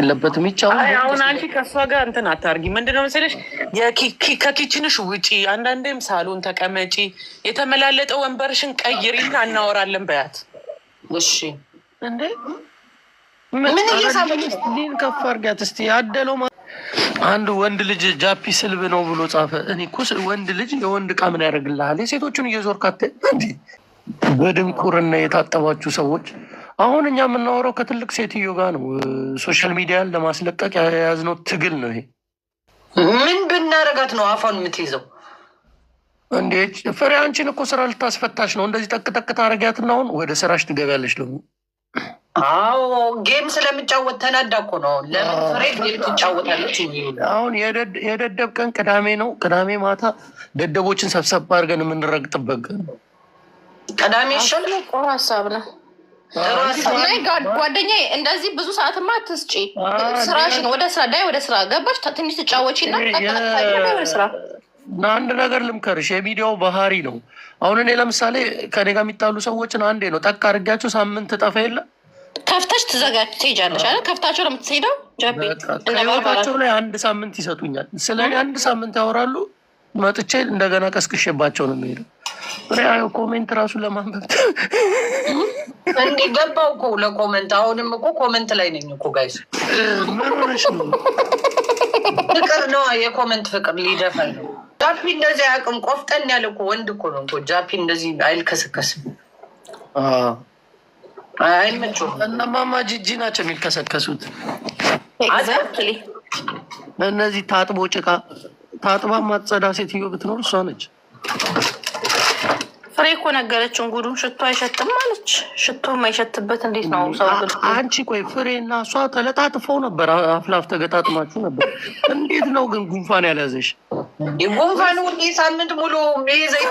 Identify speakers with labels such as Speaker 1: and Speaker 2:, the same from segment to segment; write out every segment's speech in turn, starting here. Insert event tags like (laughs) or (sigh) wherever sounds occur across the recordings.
Speaker 1: የለበትም።
Speaker 2: ይቻላል። አሁን አንቺ ከእሷ ጋር እንትን አታርጊ። ምንድነው መሰለሽ ከኪችንሽ ውጪ፣ አንዳንዴም ሳሎን ተቀመጪ፣ የተመላለጠ ወንበርሽን ቀይሪና እናወራለን በያት። እሺ እንዴ ምን እየሳለሊን
Speaker 1: ከፍ አርጋት እስቲ አደለው አንድ ወንድ ልጅ ጃፒ ስልብ ነው ብሎ ጻፈ። እኔ እኮ ወንድ ልጅ የወንድ እቃ ምን ያደርግልሃል? የሴቶቹን እየዞር ካቴ በድንቁርና የታጠባችሁ ሰዎች አሁን እኛ የምናወራው ከትልቅ ሴትዮ ጋር ነው። ሶሻል ሚዲያን ለማስለቀቅ የያዝነው ትግል ነው። ይሄ
Speaker 3: ምን ብናረጋት ነው አፏን የምትይዘው?
Speaker 1: እንዴት ፍሬ፣ አንቺን እኮ ስራ ልታስፈታሽ ነው። እንደዚህ ጠቅጠቅ ታረጊያትና አሁን ወደ ስራሽ ትገቢያለሽ። ደግሞ
Speaker 3: አዎ ጌም ስለምጫወት ተናዳ እኮ ነው። ለምን ጌም ትጫወታለች?
Speaker 1: አሁን የደደብ ቀን ቅዳሜ ነው። ቅዳሜ ማታ ደደቦችን ሰብሰብ አድርገን የምንረግጥበት ቀን ነው።
Speaker 3: ቅዳሜ
Speaker 4: ሀሳብ ነው ጓደኛዬ እንደዚህ ብዙ ሰዓትማ አትስጪ። ስራሽን ወደ ስራ ዳይ ወደ ስራ ገባሽ ትንሽ ትጫወቺ እና ስራ
Speaker 1: አንድ ነገር ልምከርሽ፣ የሚዲያው ባህሪ ነው። አሁን እኔ ለምሳሌ ከኔ ጋር የሚጣሉ ሰዎችን አንዴ ነው ጠቅ አድርጊያቸው ሳምንት ጠፋ የለ
Speaker 4: ከፍተሽ ትዘጋጅ ትሄጃለሽ አይደል? ከፍታቸው ነው የምትሄደው። ከህይወታቸው ላይ አንድ ሳምንት ይሰጡኛል። ስለ እኔ አንድ ሳምንት ያወራሉ። መጥቼ እንደገና ቀስቅሼባቸው ነው የሚሄደው። ኮሜንት ራሱ ለማንበብ እንዲገባው እኮ ለኮመንት አሁንም እኮ ኮመንት ላይ ነኝ እኮ ጋይስ። ፍቅር ነው የኮመንት ፍቅር ሊደፈን ነው። ጃፒ እንደዚህ አያውቅም። ቆፍጠን ያለ እኮ ወንድ እኮ ነው እኮ ጃፒ እንደዚህ አይልከሰከስም። አይመቸውም። እና ጂጂ ናቸው የሚልከሰከሱት እነዚህ ታጥቦ ጭቃ ታጥባ ማጸዳ ሴትዮ ብትኖር እሷ ነች። ፍሬ እኮ ነገረችን ጉዱን። ሽቶ አይሸትም አለች። ሽቶ የማይሸትበት እንዴት ነው ሰው? አንቺ ቆይ ፍሬ እና እሷ ተለጣጥፈው ነበር፣ አፍላፍ ተገጣጥማችሁ ነበር። እንዴት ነው ግን ጉንፋን ያልያዘሽ? ጉንፋን ሁሌ ሳምንት ሙሉ ይዘኝ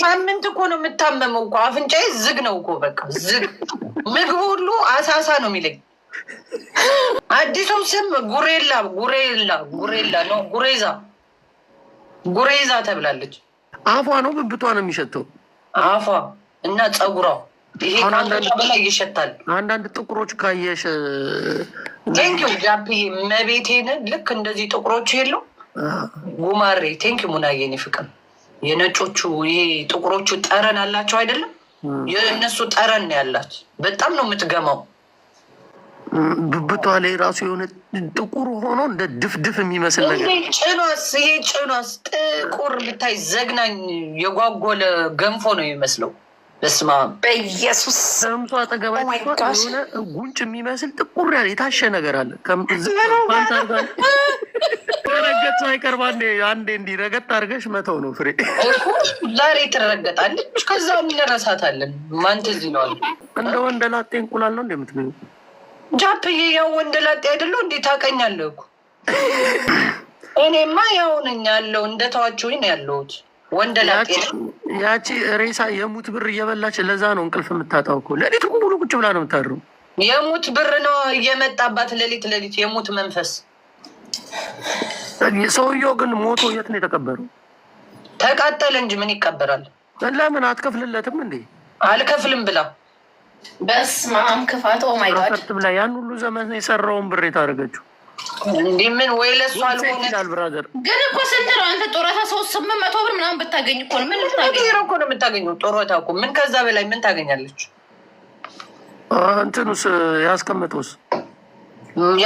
Speaker 4: ሳምንት እኮ ነው የምታመመው እኮ አፍንጫዬ ዝግ ነው እኮ በቃ ዝግ። ምግብ ሁሉ አሳሳ ነው የሚለኝ አዲሱም ስም ጉሬላ ጉሬላ ጉሬላ ነው ጉሬዛ ጉሬዛ ተብላለች። አፏ ነው ብብቷ ነው የሚሸተው። አፏ እና ጸጉሯ ይሄ ይሸታል። አንዳንድ ጥቁሮች ካየሽ ቴንኪው ጃፒ መቤቴን ልክ እንደዚህ ጥቁሮች የለው ጉማሬ ቴንኪው ሙናየን ፍቅር የነጮቹ ይሄ ጥቁሮቹ ጠረን አላቸው አይደለም፣ የእነሱ ጠረን ያላት በጣም ነው የምትገማው። ብብቷ ላይ ራሱ የሆነ ጥቁር ሆኖ እንደ ድፍድፍ የሚመስል ነገር ጭኗስ፣ ይሄ ጭኗስ ጥቁር ብታይ ዘግናኝ የጓጎለ ገንፎ ነው የሚመስለው። በስመ አብ በኢየሱስ ሰምቶ አጠገባቸው oh የሆነ ጉንጭ የሚመስል ጥቁር ያለ የታሸ ነገር አለ። ከረገጥ አይቀርባ አንዴ እንዲህ ረገጥ አድርገሽ መተው ነው። ፍሬ ዛሬ ትረገጣለች፣ ከዛ እንረሳታለን። ማን ትዝ ይለዋል? እንደ ወንደላጤ እንቁላል ነው እንደምትበይው ጃፕዬ ያው ወንድ ላጤ አይደለሁ እንዴ? ታውቀኛለህ እኮ እኔማ ያው ነኝ ያለው ነው ያለሁት ወንድ ላጤ። ያቺ ሬሳ የሙት ብር እየበላች ለዛ ነው እንቅልፍ የምታጣው እኮ ሌሊት ሙሉ ቁጭ ብላ ነው የምታድረው። የሙት ብር ነው የመጣባት ሌሊት ሌሊት የሙት መንፈስ። ሰውየው ግን ሞቶ የት ነው የተቀበረው? ተቃጠለ እንጂ ምን ይቀበራል? ለምን አትከፍልለትም እንዴ? አልከፍልም ብላ በስመ አብ ክፋት። ጋድ oh ብላ ያን ሁሉ ዘመን የሰራውን ብር የታደረገችው እንዲህ ምን ወይ ለሱ ግን እኮ ስንት ነው አንተ ጡረታ? ሰው ስምንት መቶ ብር ምናምን ብታገኝ እኮ ምን እኮ ነው የምታገኘው ጡረታ እኮ ምን ከዛ በላይ ምን ታገኛለች? እንትኑስ ያስቀመጠውስ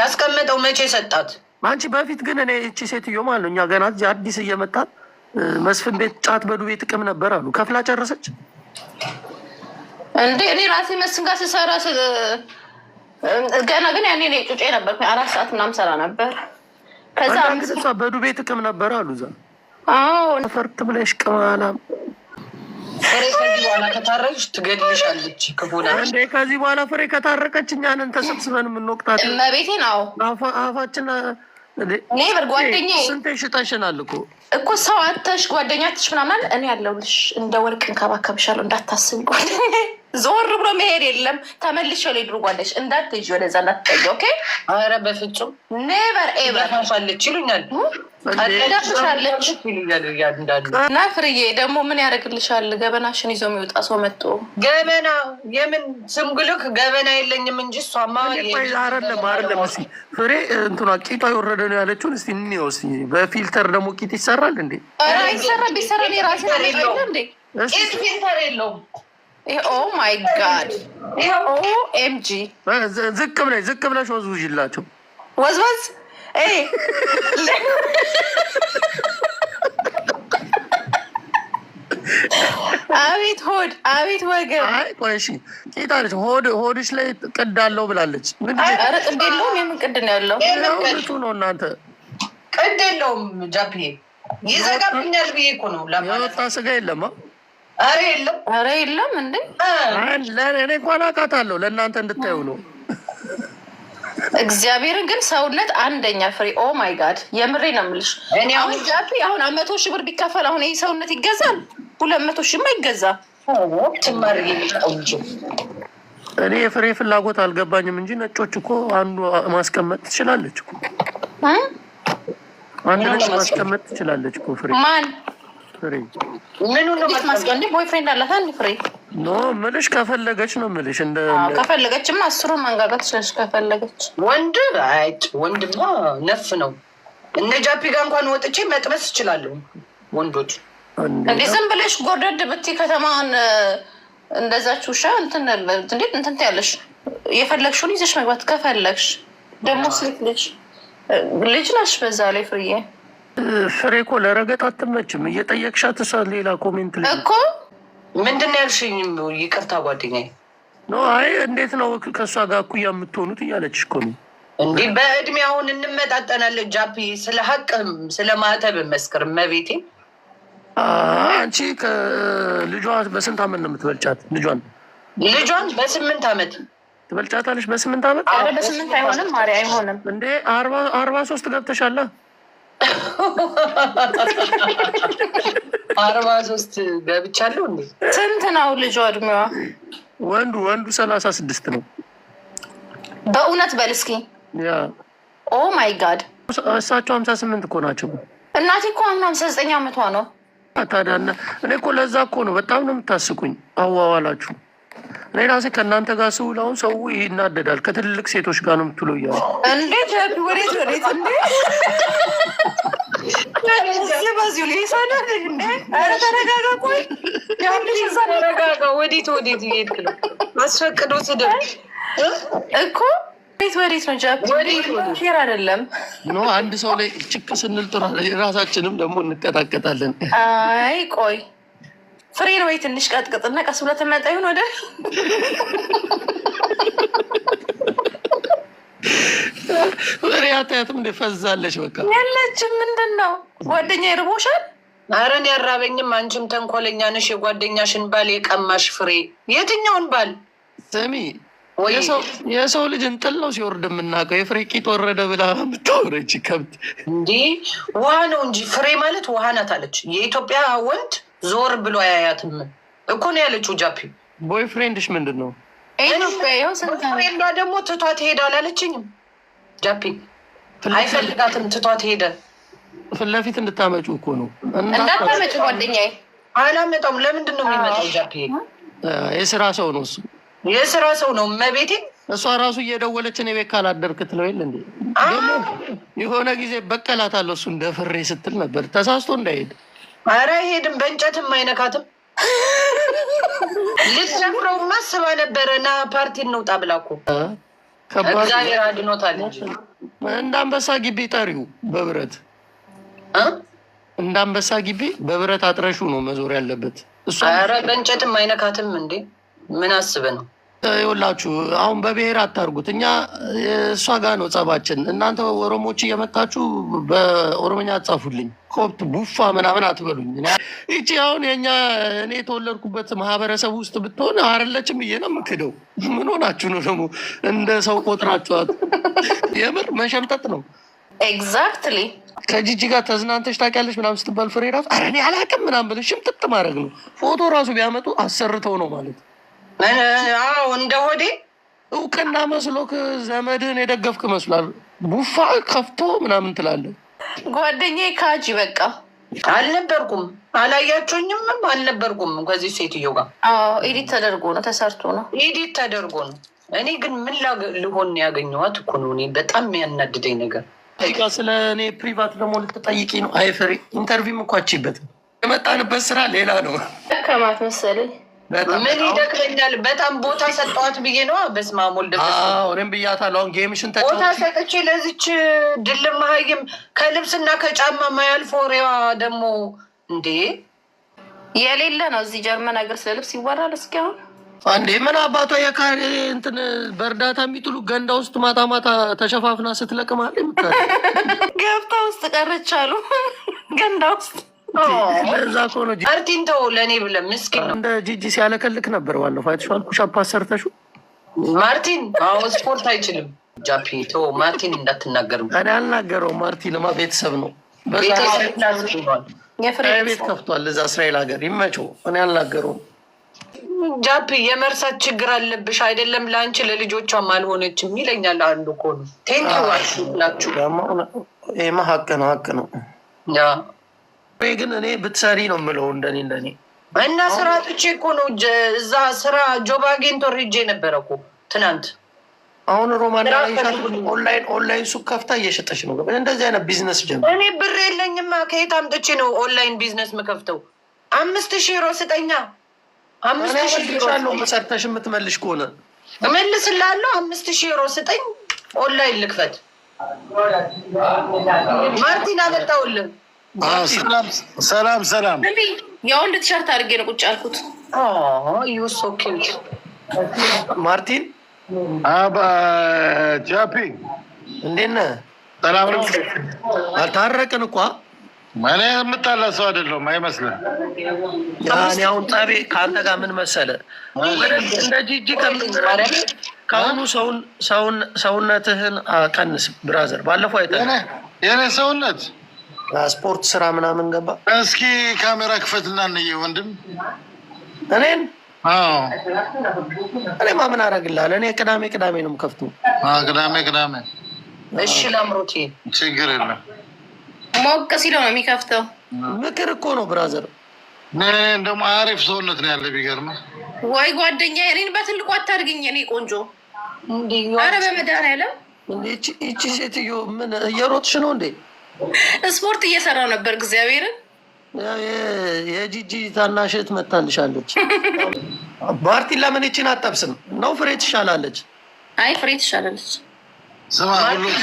Speaker 4: ያስቀመጠው መቼ ሰጣት? አንቺ በፊት ግን እኔ እቺ ሴትዮ ማለት ነው እኛ ገና አዲስ እየመጣን መስፍን ቤት ጫት በዱቤ ጥቅም ነበር አሉ ከፍላ ጨረሰች። እንዴ እኔ ራሴ መስፍን ጋር ስሰራ ገና ግን ያኔ እኔ ጩጬ ነበር። አራት ሰዓት ምናምን ሰራ ነበር። ከዛ በዱቤ ጥቅም ነበር አሉ እዛ ፈርት ብለሽ ቅማላ ፍሬ ከዚህ በኋላ ፍሬ ከታረቀች እኛንን ተሰብስበን የምንወቅታት እመቤቴ ነው። አፋችን ጓደኛ ስንቴ ሽጠሽናል እኮ እኮ ሰው አተሽ ጓደኛ ትሽ ምናምን እኔ ያለሁልሽ እንደ ወርቅ እንከባከብሻለሁ እንዳታስብ ጓደኛ ዞር ብሎ መሄድ የለም። ተመልሽ ላይ ድርጓለች እንዳትሄጂ ወደዛ እንዳትጠጊ። ኦኬ። ኧረ በፍጹም ኔቨር ኤቨርፋለች ይሉኛል ዳፍሻለች እና ፍርዬ ደግሞ ምን ያደርግልሻል? ገበናሽን ይዞ የሚወጣ ሰው መጥቶ ገበና የምን ስምግልክ ገበና የለኝም እንጂ እሷማ አይደለም አይደለም። እስኪ ፍሬ እንትኗ ቂጧ የወረደ ነው ያለችውን እስኪ እንየው። እስኪ በፊልተር ደግሞ ቂጥ ይሰራል እንዴ? ይሰራ ቢሰራ ራሴ እንዴ ፊልተር የለውም ኦ ማይ ጋድ ኦኤምጂ ዝቅ ብለሽ ዝቅ ብለሽ ወዝ ውዥላቸው ወዝወዝ አቤት ሆድ አቤት ወገብ። ቆይሽ ጌታለች ሆድሽ ላይ ቅድ አለው ብላለች። ኧረ ቅድ የለውም። የምን ቅድ ነው ያለው? ቱ ነው እናንተ ቅድ የለውም። ጃፕዬ ይዘጋብኛል ብዬ እኮ ነው። የወጣ ስጋ የለም። ኧረ የለም፣ ኧረ የለም። እንዴ እኔ እንኳን አውቃታለሁ። ለእናንተ እንድታዩ ነው። እግዚአብሔርን ግን ሰውነት አንደኛ ፍሬ ኦ ማይ ጋድ የምሬ ነው የምልሽ። አሁን ጃፒ አሁን መቶ ሺህ ብር ቢከፈል አሁን ይህ ሰውነት ይገዛል? ሁለት መቶ ሺህማ አይገዛም። እኔ የፍሬ ፍላጎት አልገባኝም እንጂ ነጮች እኮ አንዱ ማስቀመጥ ትችላለች አንድ ነጭ ማስቀመጥ ትችላለች እኮ ፍሬ ማን ፍሬ ምኑ ነው ማስቀንድ ቦይፍሬንድ አላት። አንድ ፍሬ ኖ ምልሽ ከፈለገች ነው ምልሽ። እንደ ከፈለገችማ አስሩ ማንጋጋት ስለሽ ከፈለገች ወንድ አይጭ ወንድማ ነፍ ነው። እነ ጃፒ ጋር እንኳን ወጥቼ መጥበስ እችላለሁ። ወንዶች እንዴ ዝም ብለሽ ጎርደድ ብቲ ከተማን እንደዛች ውሻ እንትን እንዴት እንትን ያለሽ የፈለግሽውን ይዘሽ መግባት ከፈለግሽ ደግሞ ሴት ልጅ ልጅ ናሽ በዛ ላይ ፍርዬ ፍሬ እኮ ለረገጥ አትመችም። እየጠየቅሻት እሷ ሌላ ኮሜንት ላይ እኮ ምንድን ያልሽኝ? ይቅርታ ጓደኛዬ። አይ እንዴት ነው ከእሷ ጋር እኩያ የምትሆኑት እያለችሽ እኮ ነው። እንዲህ በእድሜ አሁን እንመጣጠናለን። ጃፒ ስለ ሀቅም ስለ ማተብ መስክር። መቤቴ አንቺ ልጇ በስንት አመት ነው የምትበልጫት? ልጇን ልጇን በስምንት አመት ትበልጫታለች። በስምንት አመት በስምንት አይሆንም። ማሪ አይሆንም እንዴ አርባ ሶስት ገብተሻላ አርባ ሶስት ገብቻለሁ። እንዴ ስንት ነው ልጇ እድሜዋ? ወንዱ ወንዱ ሰላሳ ስድስት ነው። በእውነት በል እስኪ። ኦ ማይ ጋድ እሳቸው ሀምሳ ስምንት እኮ ናቸው። እናቴ እኮ አሁን ሀምሳ ዘጠኝ አመቷ ነው። ታዲያ እኔ እኮ ለዛ እኮ ነው በጣም ነው የምታስቁኝ አዋዋላችሁ እኔ ራሴ ከእናንተ ጋር ስውል አሁን ሰው ይናደዳል። ከትልልቅ ሴቶች ጋር ነው የምትውለው እያሉ እንዴት ወዴት ወዴት እንዴ ነው? አስፈቅዶ ስድብ እኮ ወዴት አንድ ሰው ላይ ችክ ስንል ጥሩ፣ ራሳችንም ደግሞ እንቀጣቀጣለን። አይ ቆይ ፍሬ ነው ወይ ትንሽ ቀጥቅጥና ቀስ ብለህ ትመጣ ይሁን ወደ ፍሬ አታያትም? እንደፈዛለች በቃ ያለችም ምንድን ነው ጓደኛ ይርቦሻል? አረን ያራበኝም። አንቺም ተንኮለኛ ነሽ። የጓደኛሽን ባል የቀማሽ ፍሬ። የትኛውን ባል ስሚ? የሰው ልጅ እንጥል ነው ሲወርድ የምናውቀው። የፍሬ ቂጥ ወረደ ብላ ምታወረች ከብት እንዲህ ውሃ ነው እንጂ ፍሬ ማለት ውሃ ናት አለች የኢትዮጵያ ወንድ ዞር ብሎ አያያትም እኮ ነው ያለችው። ጃፒ ቦይፍሬንድሽ ምንድን ነው? ቦይፍሬንዷ ደግሞ ትቷት ሄደ አላለችኝም? ጃፒ አይፈልጋትም፣ ትቷት ሄደ። ፊት ለፊት እንድታመጩ እኮ ነው። እንዳታመጩ ጓደኛዬ አላመጣም። ለምንድን ነው የሚመጣው? ጃፒ የስራ ሰው ነው እሱ፣ የስራ ሰው ነው መቤቴ እሷ ራሱ እየደወለች እኔ ቤት ካላደርክ ትለው የለ እንዴ? የሆነ ጊዜ በቀላታለሁ እሱ እንደፍሬ ስትል ነበር። ተሳስቶ እንዳይሄድ አረ ሄድም በእንጨትም አይነካትም። ልትጨፍረው ማስባ ነበረ ና ፓርቲ እንውጣ ብላ እኮ እግዚአብሔር አድኖታል እንጂ እንደ አንበሳ ግቢ ጠሪው በብረት እንደ አንበሳ ግቢ በብረት አጥረሹ ነው መዞር ያለበት። ኧረ በእንጨትም አይነካትም እንዴ! ምን አስበ ነው ይኸውላችሁ አሁን በብሔር አታርጉት። እኛ እሷ ጋር ነው ጸባችን። እናንተ ኦሮሞዎች እየመጣችሁ በኦሮሞኛ አጻፉልኝ፣ ኮብት ቡፋ ምናምን አትበሉኝ። ይቺ አሁን የኛ እኔ የተወለድኩበት ማህበረሰብ ውስጥ ብትሆን አረለችም ብዬ ነው የምክደው። ምን ሆናችሁ ነው ደግሞ እንደ ሰው ቆጥራችኋት? የምር መሸምጠጥ ነው። ኤግዛክትሊ ከጂጂ ጋር ተዝናንተሽ ታውቂያለሽ ምናምን ስትባል ፍሬ ራሱ ኧረ እኔ አላውቅም ምናምን ብለሽ ሽምጥጥ ማድረግ ነው። ፎቶ ራሱ ቢያመጡ አሰርተው ነው ማለት እንደ ሆዴ እውቅና መስሎክ ዘመድህን የደገፍክ መስሏል። ቡፋ ከፍቶ ምናምን ትላለህ። ጓደኛዬ ካጂ በቃ አልነበርኩም፣ አላያችሁኝም፣ አልነበርኩም ከዚህ ሴትዮ ጋር። ኢዲት ተደርጎ ነው ተሰርቶ ነው ኢዲት ተደርጎ ነው። እኔ ግን ምን ልሆን ያገኘዋት እኮ ነው። እኔ በጣም የሚያናድደኝ ነገር ስለ እኔ ፕሪቫት ደግሞ ልትጠይቂ ነው? አይ ኢንተርቪው እኮ አችበት የመጣንበት ስራ ሌላ ነው ከማት መሰለኝ ምን ይደክረኛል? በጣም ቦታ ሰጠዋት ብዬ ነዋ። በስመ አብ እኔም ብያታለሁ። አሁን ጌምሽን ቦታ ሰጥቼ ለዚች ድልም መሀይም ከልብስና ከጫማ ማያልፍ ወሬዋ ደግሞ እንዴ የሌለ ነው። እዚህ ጀርመን ሀገር ስለ ልብስ ይወራል። እስኪ አሁን አንዴ ምን አባቷ የካሬ እንትን በእርዳታ የሚጥሉ ገንዳ ውስጥ ማታ ማታ ተሸፋፍና ስትለቅማል (laughs) ገብታ ውስጥ ቀረች አሉ ገንዳ ውስጥ እዛ ከሆነ አርቲን ተው ለእኔ ብለህ ምስኪን ነው። እንደ ጂጂ ሲያለከልክ ነበር። ዋናው ፋይትሽ አልኩሽ። አፓስ ሰርተሹ ማርቲን አዎ ስፖርት አይችልም። ጃፒ ተው ማርቲን እንዳትናገር። እኔ አልናገረው ማርቲን ለማ ቤተሰብ ነው። ቤት ከፍቷል እዛ እስራኤል ሀገር ይመቸው። እኔ አልናገረውም። ጃፒ የመርሳት ችግር አለብሽ አይደለም? ለአንቺ ለልጆቿም አልሆነችም ይለኛል አንዱ እኮ ነው። ቴንኪው ናችሁ። ይሄማ ሀቅ ነው ሀቅ ነው። ወይ ግን እኔ ብትሰሪ ነው የምለው። እንደኔ እንደኔ እና ስራ ጥቼ እኮ ነው እዛ ስራ ጆባ ጌንቶር ሄጄ ነበረ እኮ ትናንት። አሁን ሮማን ኦንላይን ኦንላይን ሱቅ ከፍታ እየሸጠች ነው። እንደዚህ አይነት ቢዝነስ ጀምር። እኔ ብር የለኝማ ከየት አምጥቼ ነው ኦንላይን ቢዝነስ የምከፍተው? አምስት ሺህ ሮ ስጠኛ። አምስት ሺህ መሰርተሽ የምትመልሽ ከሆነ እመልስልሃለሁ። አምስት ሺህ ሮ ስጠኝ፣ ኦንላይን ልክፈት። ማርቲን አመጣውልን ሰላም ሰላም። የወንድ ቲሸርት አድርጌ ነው ቁጭ ያልኩት። ማርቲን ጃፒ እንዴት ነህ? ሰላም ነው። አልታረቅን እኳ እኔ የምታላ ሰው አይደለሁም። አይመስልም። እኔ አሁን ጠቤ ከአንተ ጋር ምን መሰለህ እንደ ጂጂ ከአሁኑ ሰውነትህን አቀንስ ብራዘር። ባለፈው አይተህ የእኔ ሰውነት ስፖርት ስራ ምናምን ገባ። እስኪ ካሜራ ክፈትና እንዬ ወንድም። እኔን እኔ ማምን አደርግልሀለሁ? እኔ ቅዳሜ ቅዳሜ ነው ከፍቱ ቅዳሜ ቅዳሜ። እሺ ላምሮቴ፣ ችግር የለም። ሞቅ ሲለው ነው የሚከፍተው። ምክር እኮ ነው ብራዘር። እንደውም አሪፍ ሰውነት ነው ያለ ቢገርምህ። ወይ ጓደኛ እኔን በትልቁ አታድርግኝ። እኔ ቆንጆ ኧረ በመድኃኒዓለም ይቺ ሴትዮ ምን እየሮጥሽ ነው እንዴ? ስፖርት እየሰራው ነበር። እግዚአብሔርን የጂጂ ታናሽ እህት መታልሻለች። ማርቲን ለምን ይችን አጠብስም ነው? ፍሬ ትሻላለች። አይ ፍሬ ትሻላለች።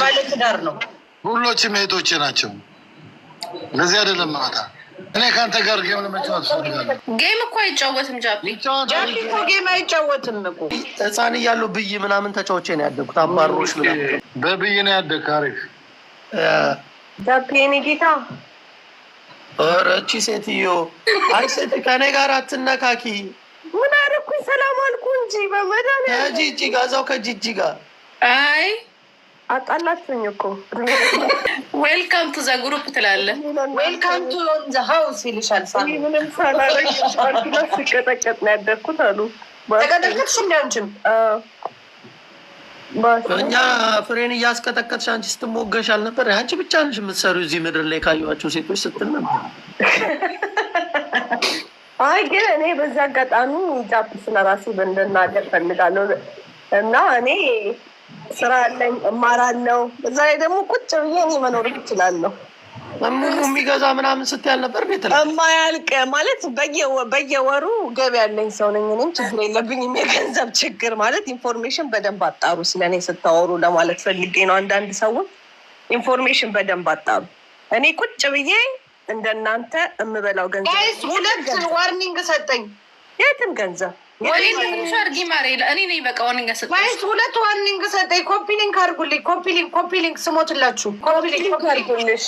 Speaker 4: ባለትዳር ነው። ሁሎችም እህቶቼ ናቸው። ለዚህ አይደለም ማታ እኔ ከአንተ ጋር ጌም ለመጫወት ፈልጋለሁ። ጌም እኮ አይጫወትም ጃፒ ጃፒ እኮ ጌም አይጫወትም እኮ ህፃን እያሉ ብይ ምናምን ተጫውቼ ነው ያደግኩት። አባሮች ምናምን በብይ ነው ያደግ አሪፍ ዳፔኔ ጌታ ኧረ እቺ ሴትዮ አይ ሴት ከኔ ጋር አትነካኪ። ምን አደረኩኝ? ሰላም አልኩ እንጂ በመድኃኒዓለም ከጂጂ ጋር እዛው ከጂጂ ጋር አይ አጣላችሁኝ እኮ ዌልካም ቱ ዘ ግሩፕ ዌልካም ቱ ዘ ሀውስ ይልሻል። ምንም ሳላረግ ሲቀጠቀጥ ነው ያደርኩት አሉ ተቀጠቀጥሽ እኛ ፍሬን እያስቀጠቀጥሽ አንቺ ስትሞገሽ አልነበር? አንቺ ብቻ ነሽ የምትሰሩ እዚህ ምድር ላይ ካየኋቸው ሴቶች ስትል ነበር። አይ ግን እኔ በዛ አጋጣሚ ጃፕ ስለራሴ በእንደናገር ፈልጋለሁ እና እኔ ስራ አለኝ እማራለሁ። እዛ ላይ ደግሞ ቁጭ ብዬ እኔ መኖር እችላለሁ። ሙሉ የሚገዛ ምናምን ስትያል ነበር። ቤት የማያልቅ ማለት በየወሩ ገቢ ያለኝ ሰው ነኝ። እኔም ችግር የለብኝም። የገንዘብ ችግር ማለት ኢንፎርሜሽን በደንብ አጣሩ። ስለኔ ስታወሩ ለማለት ፈልጌ ነው። አንዳንድ ሰውን ኢንፎርሜሽን በደንብ አጣሩ። እኔ ቁጭ ብዬ እንደናንተ የምበላው ገንዘብ ሁለት ዋርኒንግ ሰጠኝ። የትም ገንዘብ ሁለት ዋርኒንግ ሰጠኝ። ኮፒሊንክ አድርጉልኝ። ኮፒሊንክ ኮፒሊንክ ስሞትላችሁ ኮፒሊንክ አድርጉልሽ